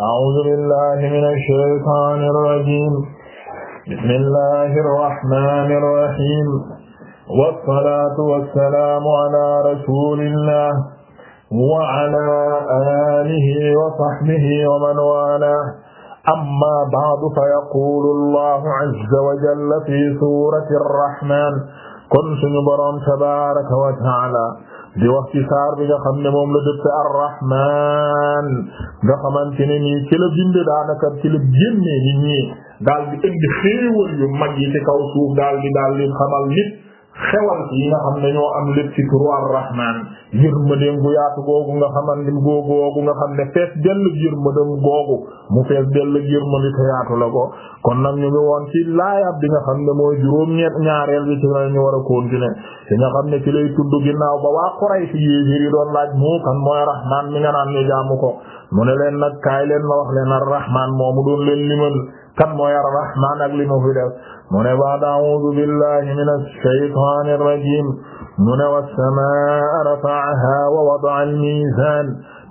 أعوذ بالله من الشيطان الرجيم بسم الله الرحمن الرحيم والصلاة والسلام على رسول الله وعلى آله وصحبه ومن والاه أما بعد فيقول الله عز وجل في سورة الرحمن kon sunu Boroom tabaaraka wa ta'aala di wax ci saar bi nga xam ne moom la dëpp ar-Rahmaan nga xamante ne nii ci la bind daanaka ci la génnee nit ñi daal di indi xéewal yu mag yi ci kaw suuf daal di daal di xamal nit xewal yi nga xam ne ñoo am lépp ci turu ar-Rahmaan yërmandeem gu yaatu googu nga xaman ni googu nga xam ne fees dell yërmandeem googu mu fees dell yërmande te yaatu la ko kon nag ñu ngi woon ci laayaat bi nga xam ne mooy juróom ñett ñaareel bi ci la ñu war a continuer ci nga xam ne ci lay tudd ginnaaw ba waa Quraysh yi doon laaj mu kan mooy Rahmaan mi nga naan ñu jaamu ko mu ne leen nag kaay leen ma wax leen ar-Rahmaan moomu doon leen limal kan mooy ar-Rahmaan ak li mu fi def mu ne ba'da a'uudu billahi minash shaytaanir rajiim mu ne was-samaa'a rafa'ahaa wa wada'a al-miizaan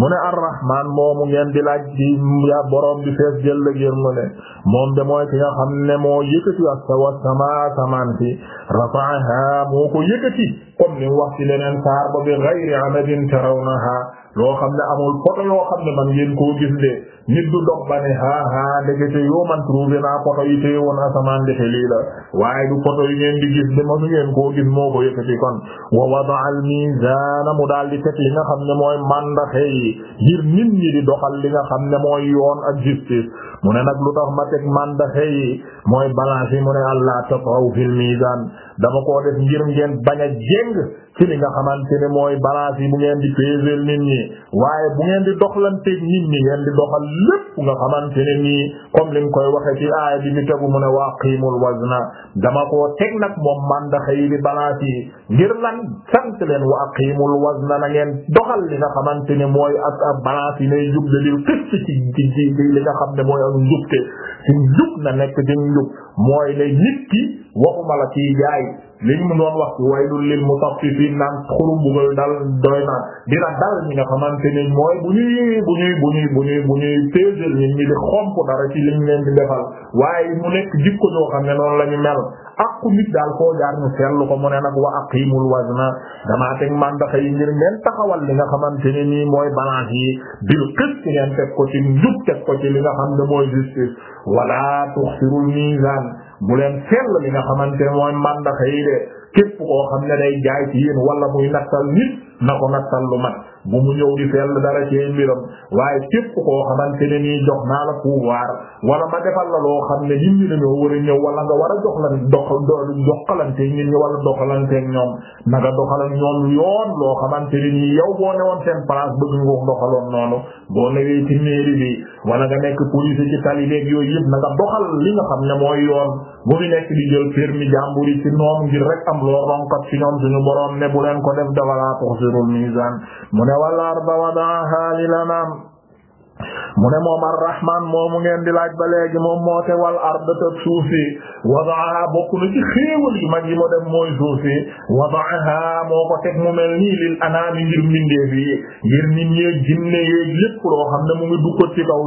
mu ne ar-Rahmaan moomu ngeen di laaj di ya borom bi fees jël la yërmande moom de mooy ki nga xam ne moo yëkkati as-samaa'a samaan si rafa'ahaa moo ko yëkkati comme ni wax ci leneen saar ba bi ghayri amadin tarawnahaa loo xam ne amul poto yoo xam ne man ngeen koo gis de nit du dox ba ne haa haa ndekete yoo man trouvé naa poto yi te woon asamaan ndeke lii la waaye du poto yi ngeen di gis de masu ngeen koo gis moo ko yëkkati kon wa wada al mizana mu daal di teg li nga xam ne mooy mandaxe yi ngir nit ñi di doxal li nga xam ne mooy yoon ak justice mu ne nag lu tax ma teg mandaxe yi mooy balance yi mu ne allah tafaw fil mizan dama koo def ngir ngeen bañ a jéng ci li nga xamante ne mooy balance yi bu ngeen di peser nit ñi waaye bu ngeen di doxlanteeg nit ñi ngeen di doxal lépp nga xamante ne nii comme li mu koy waxe ci aaya bi mi tegu mu ne waa qiimul wazna dama ko teg nag moom mandaxa yi di balance yi ngir lan sant leen wa aqimul wazna na ngeen doxal li nga xamante ne mooy ak ak yi nay jub de di tëst ci ci li nga xam ne mooy ak njubte ci njub na nekk di njub mooy ne nit waxuma la ci li ñu doon wax ci waylul lil mutaffifin naan xuru mbugal dal doy na dina dal ñi nga xamante ni mooy bu ñuy bu ñuy bu ñuy bu ñuy bu ñuy téesal ñi ñi di xomp dara ci liñ leen di defal waaye mu nekk jikko joo xam ne noonu la ñu mel aqu nit daal koo jaar ñu seetlu ko mu ne wa aqimul wazna damaa teg mandaxa yi ngir ngeen taxawal li nga xamante ne nii mooy balance yi bil qist ngeen teg ko ci njub teg ko ci li nga xam ne mooy justice wala tuxsirul mizan bu leen sell li nga xamante mooy mandaxa yi de képp koo xam ne day jaay ci yéen wala muy nattal nit na ko nattal lu mat bu mu ñëw di fell dara ci mbiram waaye képp koo xamante ne nii jox naa la pouvoir wala ma defal la loo xam ne ñun ñu dañoo war a ñëw wala nga war a jox lan dox doxalante ñun ñu wala doxalanteeg ñoom naka doxal ak ñoom yoon loo xamante ne nii yow boo newoon seen place noonu boo newee ci mairie bi wala nga nekk police ci tali beeg yooyu yëpp na nga doxal li nga xam ne mooy yoon bu fi nekk di jël permis jàmbur yi ci noonu ngir rek am loo ronkat ci ñoom suñu borom ne bu leen ko def dawalaa yuqsirul mizan mu ne wal arda wada'aha lil anam mu ne moom arrahman moomu di laaj ba léegi moom moo te wal arda mooy suuf si wadaaha moo ko mu mel nii lil anaami ngir mbindeef yi ngir nit ñeeg jinne yeeg lépp loo xam ne mu ngi dukkat ci kaw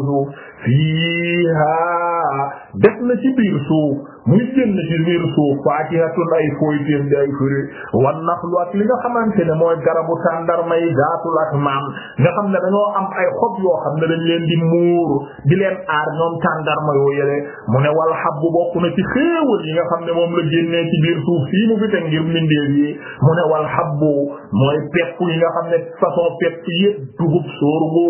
def na ci biir suuf muy génn ci biir suuf faakihatun ay fooytéem di ay furi wan naxlu ak li nga xamante ne mooy garabu tàndarma yi zaatul akmaam nga xam ne dañoo am ay xob yoo xam ne dañ leen di muur di leen aar ñoom yoo yële mu ne wal habbu bokk na ci xéewal yi nga xam ne moom la génnee ci biir suuf fii mu fi te ngir mindeef mu ne wal habbu mooy pepp yi nga xam ne façon pepp yépp dugub sorgho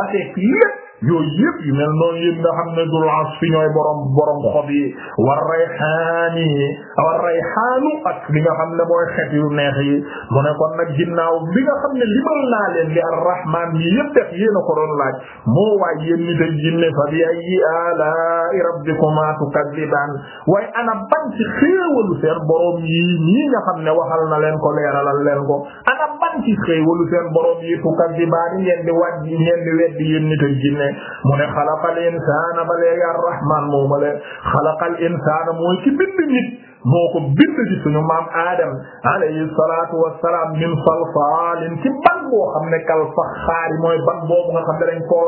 base lépp yooyu yëpp yu mel noonu yéen nga xam ne dul asfi ñooy borom borom xob yi war rayxaani yi war rayxaanu ak li nga ne mooy xet yu neex yi mu ne kon nag ginnaaw bi nga xam ne limal naa leen li arrahmaan yi yëpp def yéen a ko doon laaj mu waay yéen nit ak jinne fa bi ayyi alaa'i rabbikumaa tukazzibaan waaye ana ban ci xéewalu seen borom yi ñii nga xam ne waxal na leen ko leeralal leen ko ana ban seen borom yi tukazzibaan ngeen di wàññi ngeen di jinne ne mu ne xalaqal insaana ba léegi arrahman moomale xalaqal insaana mooy ci bind maam Adam min salsaalin ci ban boo xam ne kal faxaari mooy ban boobu nga xam ne dañ koo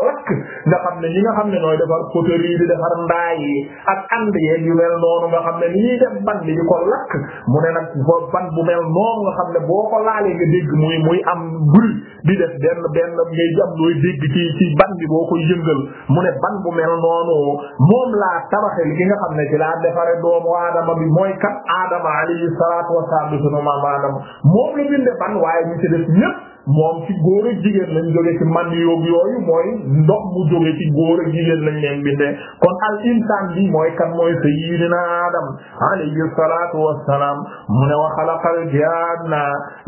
nga xam ne ñi nga xam ne ñooy defar poterie di defar ndaa ak and yeeg yu mel noonu nga xam ne ni ñuy ban bu mel noonu nga xam ne boo ko nga dégg muy muy am bruit di def benn benn ngay jam looy dégg ci ci ban bi boo koy yëngal mu ne ban bu mel noonu moom laa tabaxe li nga xam ne ci laa defare doomu aadama bi mooy kat aadama alayhi salaatu wasalaam bi sunu maam aadama moom la binde ban waaye ñu ci def ñépp moom ci góor ak jigéen lañ jóge ci man yóob yooyu mooy ndox mu jóge ci góor ak jigéen lañ leen bindee kon al insaan bi mooy kan mooy sayyidina Adam alayhi salaatu wassalaam mu ne wa xalaqal janna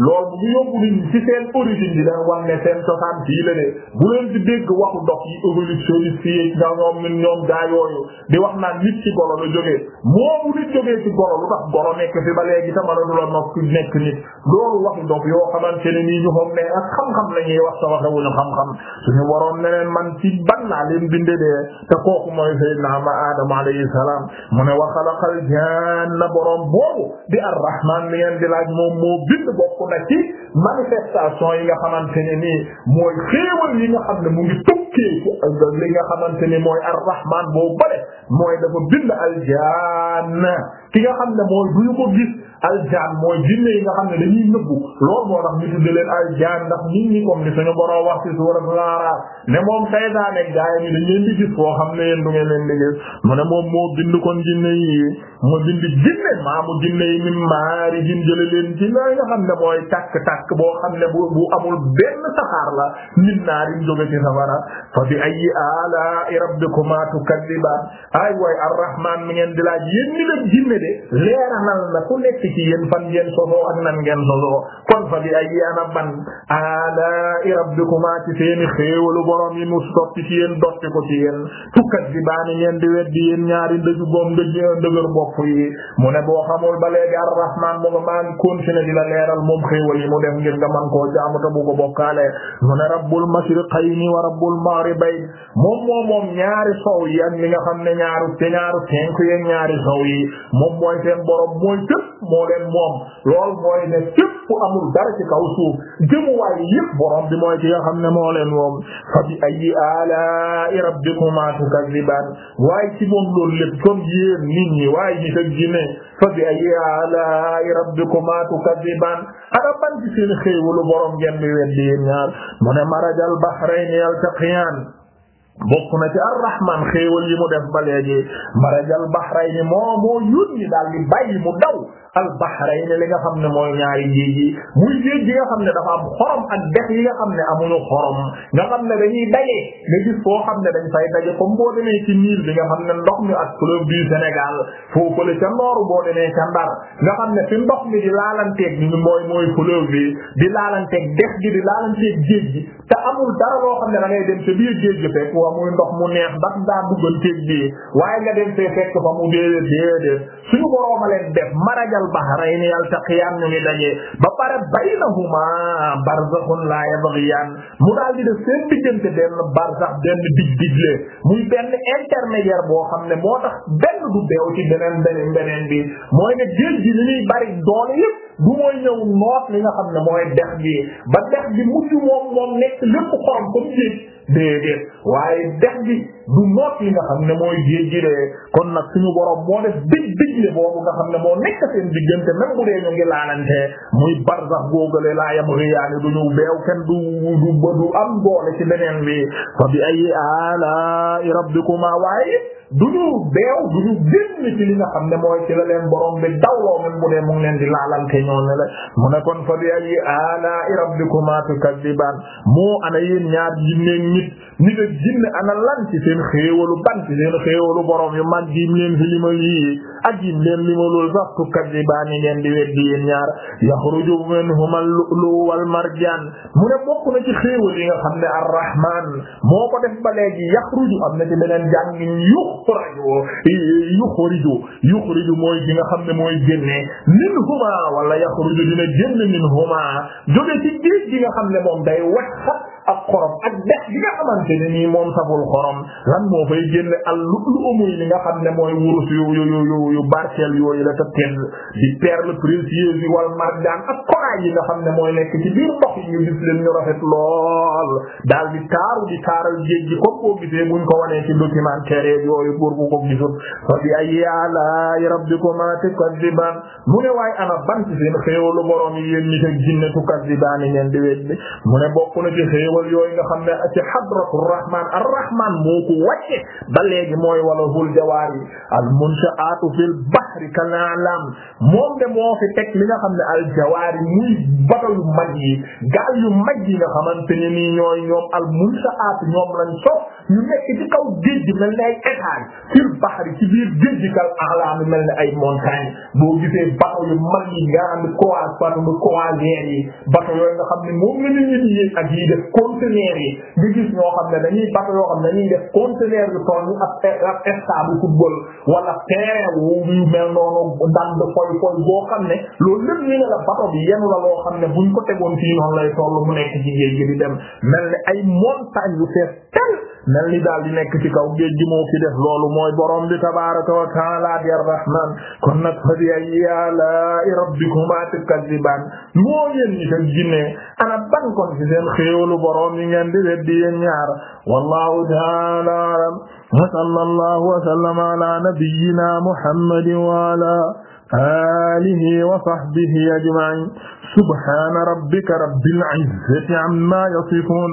lool bu yóbbu ni ci seen origine bi leen wax ne seen cosaan fii la de bu leen di dégg waxu ndox yi évolutionniste yi nga ñoom ñoom gaa yooyu di wax naan nit ci golo la jógee moomu nit jógee ci golo lu tax golo nekk fi ba léegi tamit la du la nokk nekk loolu waxu ak xam-xam la ñuy wax sa waxe wuñu xam-xam suñu waroon ne man ci ban leen binde dee kooku mooy sayyidina ma Aadama alayhi salaam mu ne wa xalaqal janna boroom boobu di ar-Rahmaan li ngeen di laaj moom moo bind bokk na ci manifestation yi nga xamante ne nii mooy xéewal yi nga xam ne mu ngi li nga xamante ni mooy ar-Rahmaan boobu bale mooy dafa bind al janna ki nga xam ne mooy duñu ko gis aljaan mooy jinne yi nga xam ne dañuy nëbbu loolu moo tax ñu tudde leen aljaan ndax nit ñi comme ni suñu borom wax ci suura Al-A'raf ne moom saytaane gaay yi dañ leen di gis foo xam ne yéen du ngeen di gis mu ne moom moo bind kon jinne yi mu bind jinne maa mu maari jin mooy tàkk-tàkk boo xam ne bu amul benn saxaar la min naarin jóge ci safara fa bi ayyi alaa'i rabbikumaa tukaddiba ay waay arrahman mi ngeen di laaj yéen ñi la jinne de leeranal na ku ci yéen fan ngeen sosoo ak nan ngeen sosoo kon fa bi ay ana ban ala rabbikuma ci seeni xéewalu borom yi mu soppi ci yéen dotti ko ci yéen tukkat bi baani ngeen di weddi yéen ñaari ndëju boom ndëj ndëgër bopp yi mu ne boo xamul ba léegi arrahman mu nga maan continuer di la leeral moom xéewal yi mu def ngir nga man koo jaamuta bu ko bokkaale mu ne rabbul mashriqayni wa rabbul maghribayn moom moom moom ñaari sow yi ak li nga xam ne ñaaru te ñaaru tenk yi ñaari sow moo moom loolu mooy ne fépp amul dara ci kaw suuf jëmuwaay yépp bi mooy ci nga xam ne moo leen moom fa bi ayi alaa'i rabbikumaa tukazzibaan waaye ci moom loolu lépp comme yéen nit ñi waaye ñi ak jinne fa bi ayi alaa'i rabbikumaa tukazzibaan ana ban ci seen xéewalu borom ngeen bi weddi yéen ñaar mu ne marajal bahrayni yaltaqiyaan bokk na ci arrahman xéewal yi mu def ba léegi marajal bahrayni moo moo yónni daal di mu daw al bahrayn li nga xam ne mooy ñaari géej yi nga xam ne dafa am xorom ak dex yi nga xam ne amuñu xorom nga xam ne dañuy daje nga gis foo xam ne dañ fay daje comme boo demee ci Niil bi nga xam ne ndox mi ak fleuve du Sénégal foofale ca nooru boo demee ca Ndar nga xam ne fi ndox mi di laalanteeg mooy mooy fleuve bi di laalanteeg dex gi di laalanteeg géej gi te amul dara loo xam ne da dem ca biir géej gi fekk waa muy ndox mu neex ndax daa dugganteeg gi waaye nga dem fee mu dee al bahrayni yaltaqiyaan ñu ngi daje ba pare baynahuma barzakhun la yabghiyaan mu daal di def seen diggante benn barzakh benn dig digle muy benn intermédiaire boo xam ne moo tax benn du beew ci beneen beneen bi mooy ne géej gi ni ñuy doole yépp du mooy ñëw noot li nga xam ne mooy dex gi ba dex gi mujj moom moom nekk lépp xorom comme géej déedéet waaye dex gi du noot li nga xam ne mooy géej gi de kon nag suñu borom moo def dëj dëjle boobu nga xam ne moo nekk seen diggante même dee ñu ngi laalante muy barzax googale laa yam riyaani du ñu beew kenn du du du am doole ci leneen bi fa bi ay ala rabbikuma waaye du ñu beew du ñu génn ci li nga xam ne mooy ci la leen borom bi dawloo même dee leen di laalante ñooñu la mu ne kon fa bi ayi ala rabbikuma tukazzibaan moo ana yéen ñaar jinne nit ni nga jinne ana lan ci seen xéewalu ban ci seen xéewalu borom yu mag yim leen fi limal yii ak yim leen limalul sax tukkat yi baa ni ngeen di weddi yéen ñaar yaxruju minhumal lu'lu wal marjaan mu ne bokk na ci xéewal yi nga xam ne arrahman moo ko def ba léegi yaxruju am na ci beneen jàngin yuxraju yuxriju yuxriju mooy bi nga xam ne mooy génne minhuma wala yaxruju dina génne minhuma jóge ci géej gi nga xam ne moom day wax ak xorom ak dex gi nga xamante xamante ne moom saful xorom lan moo fay génne al lu lu amuy li nga xam ne mooy wurus yu yu yu yu barkeel yooyu la te tedd di perles précieuses yi wal marjaan ak corail yi nga xam ne mooy nekk ci biir ndox yi ñu gis leen lool daal di taaru di taaral géej gi comme koo gisee buñ ko wanee ci documentaire yooyu pour ko gisul fa bi ay alaa'i rabbikuma tukazziban mu ne waaye ana ban ci seen xéewalu borom yi yéen ñi te jinne tukazziban ngeen di wéet bi mu ne bokk na rahman ar-rahman moo ko wàcce ba léegi mooy walahul jawaari al-munshaatu fil bahri kal a'lam moom de moo fi teg li nga xam ne al-jawaari muy bato yu mag yi gaal yu mag yi nga xamante ne nii ñooy ñoom al-munshaatu ñoom lañ sof ñu nekk ci kaw géej gi mel ni ay étage fil bahri ci biir géej gi kal a'lam mel ni ay montagne boo gisee bato yu mag yi nga xam ne croise bato bu croisière yi bato yooyu nga xam ne moom la nit ñi di yéeg ak yi def conteneur yi nga gis ñoo xam xam ne dañuy bato yoo xam ne dañuy def conteneur yu toll ni ab ab stade football wala terrain wu mel noonu foy foy boo xam ne loolu lépp ñu ne la bato bi yenu la loo xam ne buñ ko tegoon fii noonu lay toll mu nekk ci géej gi di dem mel ni ay montagne yu fees tel mel ni daal di nekk ci kaw géej gi moo ki def loolu mooy borom bi tabaaraka wa ta'aala di ar-rahmaan kon nag fa bi ayyi aalaa'i rabbikumaa tukazzibaan moo yéen ñi seen jinne ana ban kon ci seen xéewalu borom yi ngeen di weddi yéen ñaar wallaahu ta'aala a'lam wa sallallaahu wa sallama alaa nabiyyinaa muhammadin wa alaa aalihi wa sahbihi ajma'iin subhaana rabbika rabbil izzati ammaa yasifuun